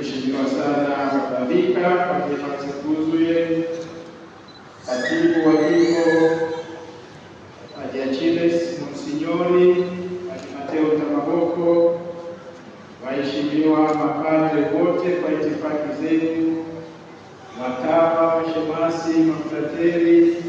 Mheshimiwa sana Matadhika pamoja na Msekuzuye, katibu wa jimbo Ajachiles Monsinyori Mateo Tamaboko, waheshimiwa mapadre wote kwa itifaki zenu, watawa, shemasi, mafrateri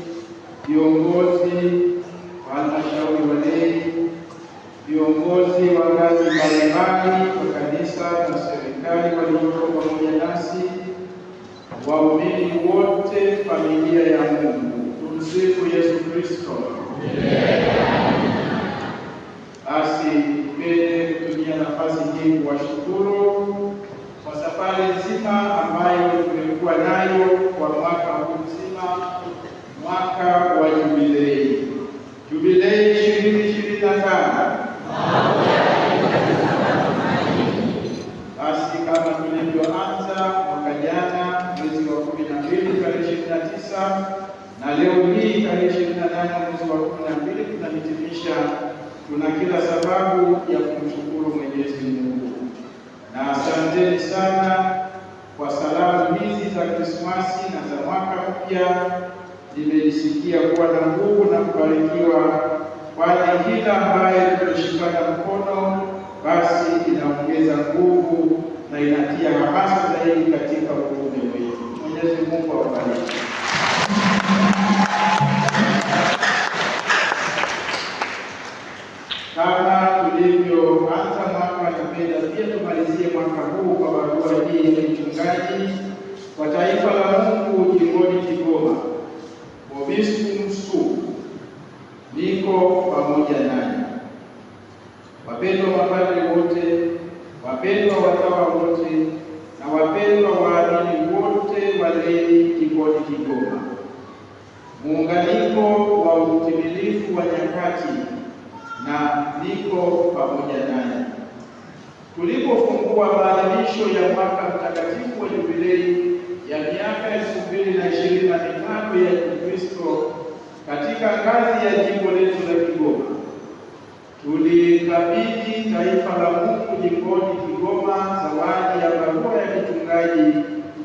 waumini wote, familia ya Mungu. Tumsifu Yesu Kristo. sababu ya kumshukuru Mwenyezi Mungu. Na asanteni sana kwa salamu hizi za Krismasi na za mwaka mpya. Nimejisikia kuwa na nguvu na kubarikiwa, kwani kila ambaye tumeshikana mkono basi inaongeza nguvu na inatia hamasa zaidi katika utume wetu. Mwenyezi Mungu awabariki. mkuu kwa barua hii ya mchungaji wa taifa la Mungu jimboni Kigoma, Obispo Msu, niko pamoja nanyi. Wapendwa mapadri wote, wapendwa watawa wote, na wapendwa waamini wote walei jimboni Kigoma, muunganiko wa utimilifu wa nyakati na niko pamoja nanyi tulipofungua maadhimisho ya mwaka mtakatifu wa jubilei ya miaka elfu mbili na ishirini na mitano ya Kikristo katika ngazi ya jimbo letu la Kigoma, tulikabidhi taifa la Mungu jimboni Kigoma zawadi ya barua ya kichungaji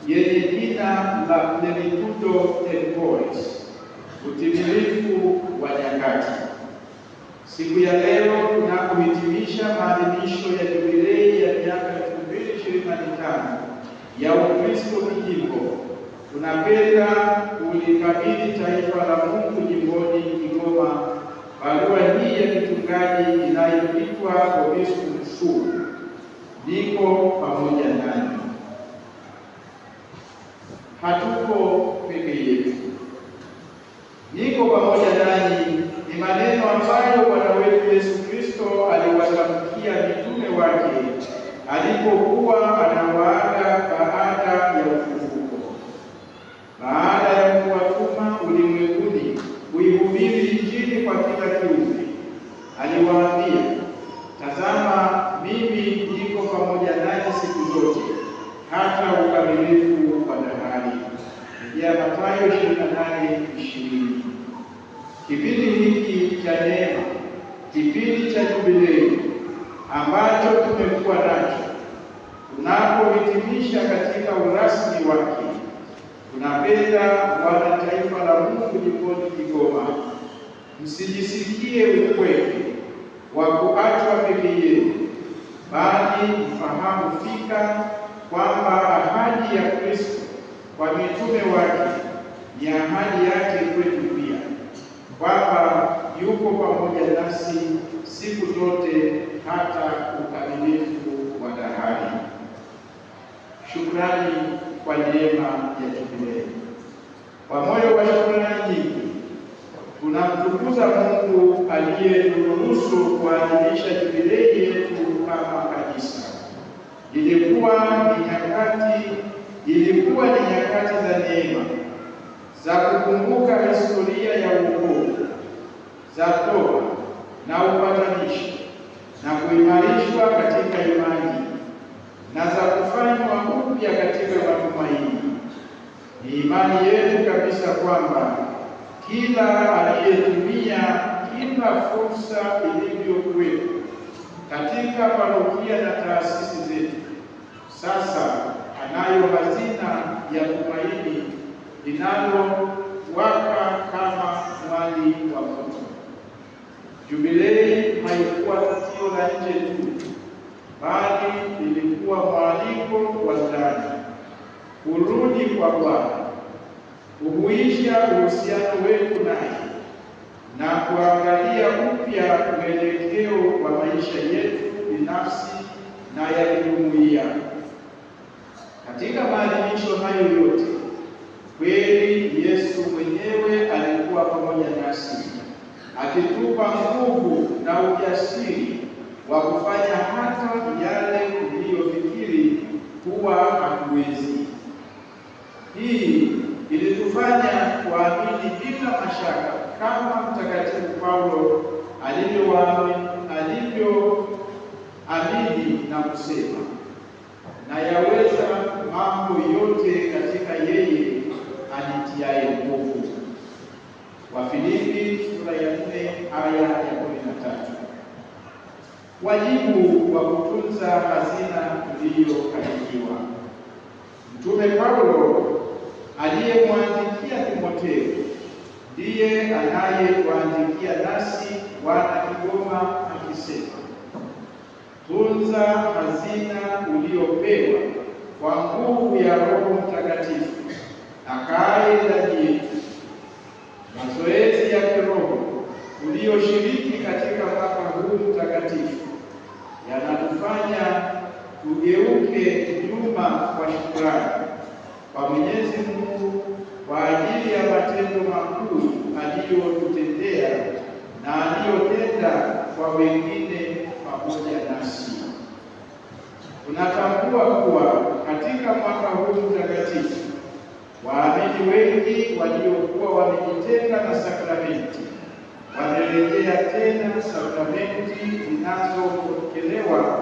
yenye jina la Plenitudo et Voice, utimilifu wa nyakati. Siku ya leo tunapohitimisha maadhimisho ya jubilei ya miaka 2025 ya Ukristo Kijimbo, tunapenda kulikabidhi taifa la Mungu jimboni Kigoma barua hii ya kichungaji inayoitwa Obispo Msuu. Niko pamoja nanyi, hatuko peke yetu, niko pamoja nanyi maneno ambayo Bwana wetu Yesu Kristo aliwatamkia mitume wake alipokuwa anawaaga Mungu jikoni Kigoma, msijisikie ukweli wa kuachwa peke yenu, bali mfahamu fika kwamba ahadi ya Kristo kwa mitume wake ni ahadi yake kwetu pia, kwamba yuko pamoja nasi siku zote hata ukamilifu wa dahari. Shukrani kwa neema ya jubilei kwa moyo wa shukrani tunamtukuza Mungu aliyeturuhusu kuadhimisha jubilei yetu kama kanisa. Ilikuwa ni nyakati ilikuwa ni nyakati za neema za kukumbuka historia ya wokovu, za toba na upatanisho na kuimarishwa katika imani na za kufanywa upya katika matumaini. Ni imani yetu kabisa kwamba kila aliyetumia kila fursa ilivyokuwepo katika parokia na taasisi zetu, sasa anayo hazina ya tumaini linalowaka kama mwali wa moto. Jubilei haikuwa tukio la nje tu, bali ilikuwa mwaliko wa ndani kurudi kwa Bwana kuhuisha uhusiano wetu naye na kuangalia upya mwelekeo wa maisha yetu binafsi na ya jumuiya. Katika maadhimisho hayo yote, kweli Yesu mwenyewe alikuwa pamoja nasi akitupa nguvu na ujasiri wa kufanya hata yale tuliyofikiri kuwa hii ilitufanya kuamini bila mashaka kama Mtakatifu Paulo alivyoamini na kusema, na yaweza mambo yote katika yeye anitiaye nguvu. Wafilipi sura ya 4 aya ya 13. Wajibu wa kutunza hazina tuliyokabidhiwa. Mtume Paulo aliyemwandikia Timotheo ndiye anayekuandikia nasi wana Kigoma akisema, tunza hazina uliyopewa kwa nguvu ya Roho Mtakatifu akaye ndani yetu. Mazoezi ya kiroho uliyoshiriki katika mwaka huu mtakatifu yanatufanya tugeuke nyuma kwa shukrani kwa Mwenyezi Mungu kwa ajili ya matendo makuu aliyotutendea na aliyotenda kwa wengine pamoja nasi. Tunatambua kuwa katika mwaka huu mtakatifu waamini wengi waliokuwa wamejitenga na sakramenti wamerejea tena sakramenti zinazopokelewa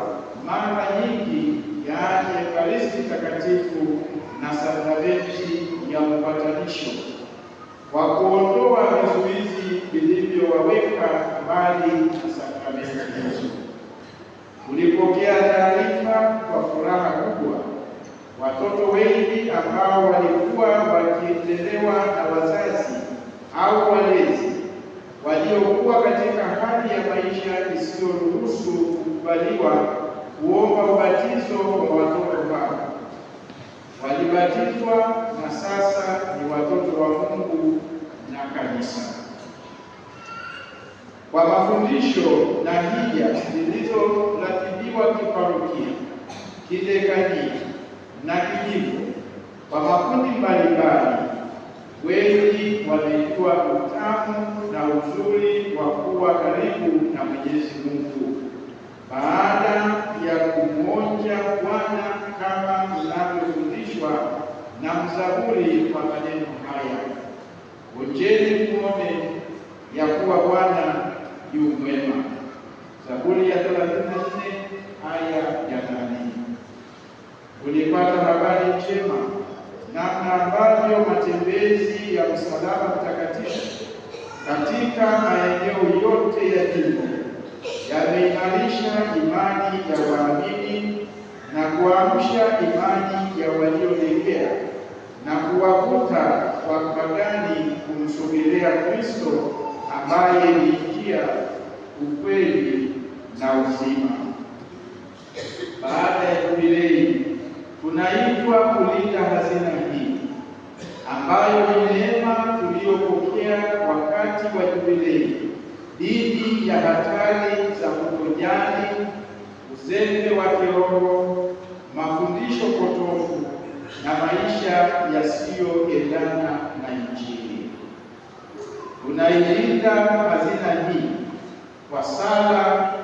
mara nyingi, yaani Ekaristi Takatifu na sakramenti ya upatanisho kwa kuondoa vizuizi vilivyowaweka mbali na sakramenti hizo. Tulipokea taarifa kwa furaha kubwa, watoto wengi ambao walikuwa wakiendelewa na wazazi au walezi waliokuwa katika hali ya maisha isiyoruhusu kukubaliwa kuomba ubatizo wa watoto wao walibatizwa na sasa ni watoto wa Mungu na kanisa. Kwa mafundisho na hija zilizoratibiwa kiparokia, kidekania na kijimbo kwa makundi mbalimbali, wengi wamejua utamu na uzuri wa kuwa karibu na Mwenyezi Mungu baada ya kumwonja Bwana kama inavyofundishwa na mzaburi kwa maneno haya, onjeni muone ya kuwa Bwana yu mwema. Zaburi ya 34 aya ya 8. Ulipata habari njema namna ambavyo matembezi ya msalaba mtakatifu katika maeneo yote ya jimbo yameimarisha imani ya waamini na kuamsha imani ya waliolegea na kuwavuta wapagani kumsogelea Kristo ambaye ni njia, ukweli na uzima. Baada ya jubilei, tunaitwa kulinda hazina hii ambayo ni neema tuliyopokea wakati wa jubilei dhidi ya hatari za kutojali, uzembe wa kiroho mafundisho potofu na maisha yasiyoendana na Injili. Unailinda hazina hii kwa sala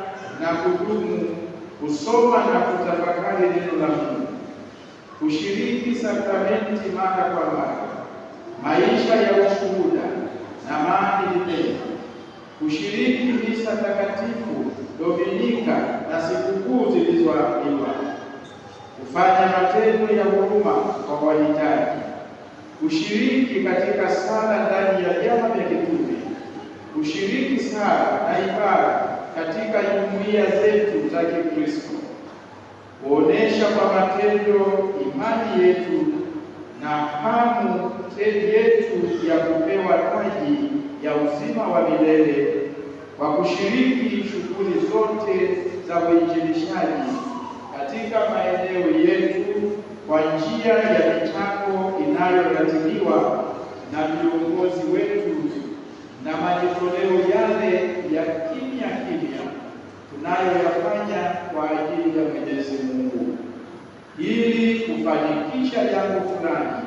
na kudumu, kusoma na kutafakari neno la Mungu, kushiriki sakramenti mara kwa mara, maisha ya ushuhuda na maadili mema, kushiriki misa takatifu, dominika na sikukuu zilizoamriwa kufanya matendo ya huruma kwa wahitaji, kushiriki katika sala ndani ya vyama vya kitume, kushiriki sala na ibada katika jumuiya zetu za Kikristo, kuonesha kwa matendo imani yetu na hamu yetu ya kupewa taji ya uzima wa milele kwa kushiriki shughuli zote za uinjilishaji katika maeneo yetu kwa njia ya michango inayoratibiwa na viongozi wetu na majitoleo yale ya kimya kimya tunayoyafanya kwa ajili ya Mwenyezi Mungu ili kufanikisha jambo fulani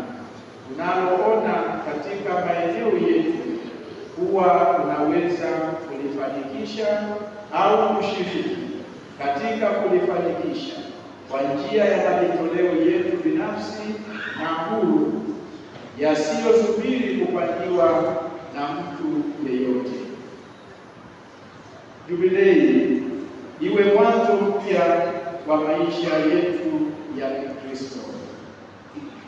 tunaloona katika maeneo yetu kuwa tunaweza kulifanikisha au kushiriki katika kulifanikisha kwa njia ya majitoleo yetu binafsi na huru yasiyosubiri kupangiwa na mtu yeyote. Jubilei iwe mwanzo mpya wa maisha yetu ya Kikristo.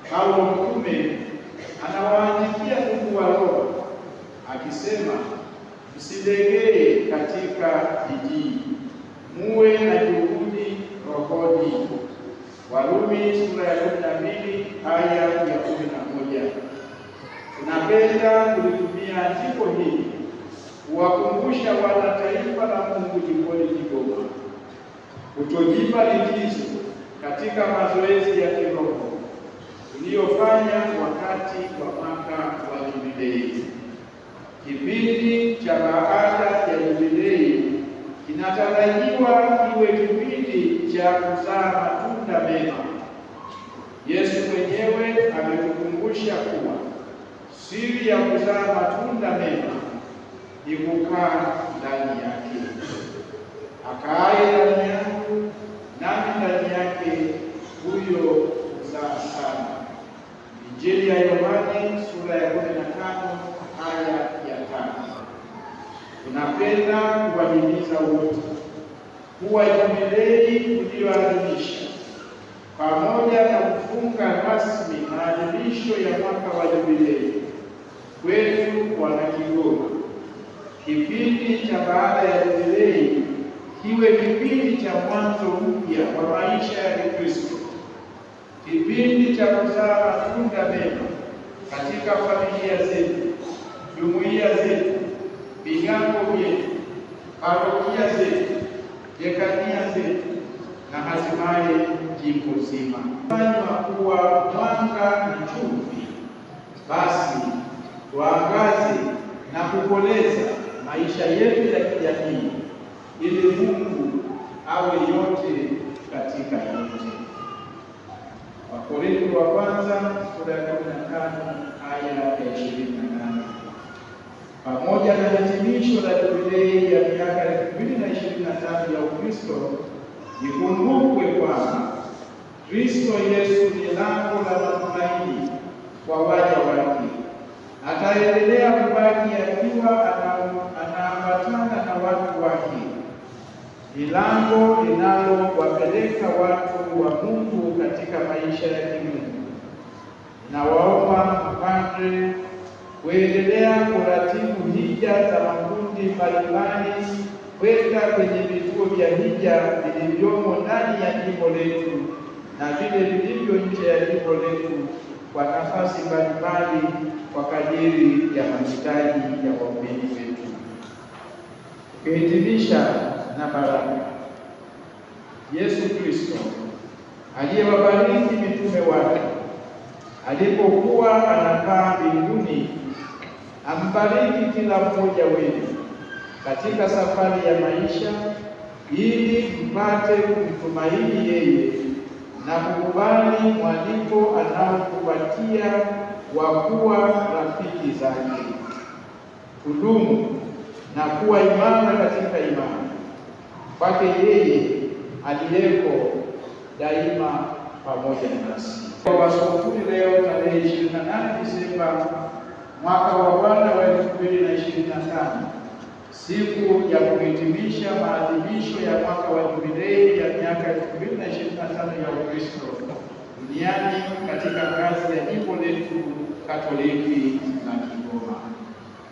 Paulo mtume anawaandikia ndugu wa roho akisema, msilegee katika bidii, muwe na juhudi Warokodi. Warumi sura ya kumi na mbili aya ya kumi na moja. Tunapenda kulitumia jiko hili kuwakumbusha taifa la Mungu jikoni Kigoma kutojipa likizo katika mazoezi ya kiroho uliyofanya wakati wa mwaka wa jubilei. Kipindi cha baada ya jubilei kinatarajiwa kiwe kipindi cha kuzaa matunda mema. Yesu mwenyewe ametukumbusha kuwa siri ya kuzaa matunda mema ni kukaa ndani yake. Akaaye ndani yangu nami ndani yake, huyo huzaa sana. Injili ya Yohane sura ya kumi na tano aya ya tano. Tunapenda kuwahimiza wote huwa jubilei kuliadhimisha pamoja na kufunga rasmi maadhimisho ya mwaka wa jubilei kwetu Wanakigoma. Kipindi cha baada ya jubilei kiwe kipindi cha mwanzo mpya kwa maisha ya Kikristo, kipindi cha kuzaa matunda mema katika familia zetu, jumuiya zetu, vigango vyetu, parokia zetu dekania zetu na hatimaye jimbo zima fanywa kuwa mwanga na chumvi, basi waangaze na kukoleza maisha yetu ya kijamii ili Mungu awe yote katika yote. Wakorintho wa kwanza sura ya 15 aya ya 28 pamoja na hitimisho la jubilei ya miaka elfu mbili na ishirini na tatu ya Ukristo, ikumbukwe kwamba Kristo Yesu ni lango la matumaini kwa waja wake. Ataendelea kubaki akiwa anaambatana na watu wake, ni lango linalowapeleka watu wa Mungu katika maisha ya kimungu. Nawaomba mapadre kuendelea kuratibu hija za makundi mbalimbali kwenda kwenye vituo vya hija vilivyomo ndani ya jimbo letu na vile vilivyo nje ya jimbo letu kwa nafasi mbalimbali kwa kadiri ya mahitaji ya waumini wetu. Kuhitimisha na baraka, Yesu Kristo aliyewabariki mitume wake alipokuwa anakaa mbinguni ambariki kila mmoja wenu katika safari ya maisha, ili mpate kumtumaini yeye na kukubali mwaliko anaokupatia wa kuwa rafiki zake. Kudumu na kuwa imara katika imani kwake yeye aliyeko daima pamoja nasi. masomo leo tarehe 28 Desemba mwaka wa Bwana wa elfu mbili na ishirini na tano siku ya kuhitimisha maadhimisho ya mwaka wa jubilei ya miaka elfu mbili na ishirini na tano ya Ukristo duniani katika ngazi ya jimbo letu Katoliki na Kigoma.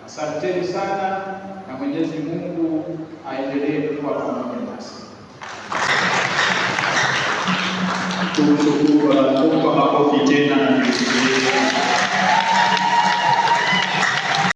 Asanteni sana na Mwenyezi Mungu aendelee kuwa pamoja nasi. Tumshukuru kwa makofi tena na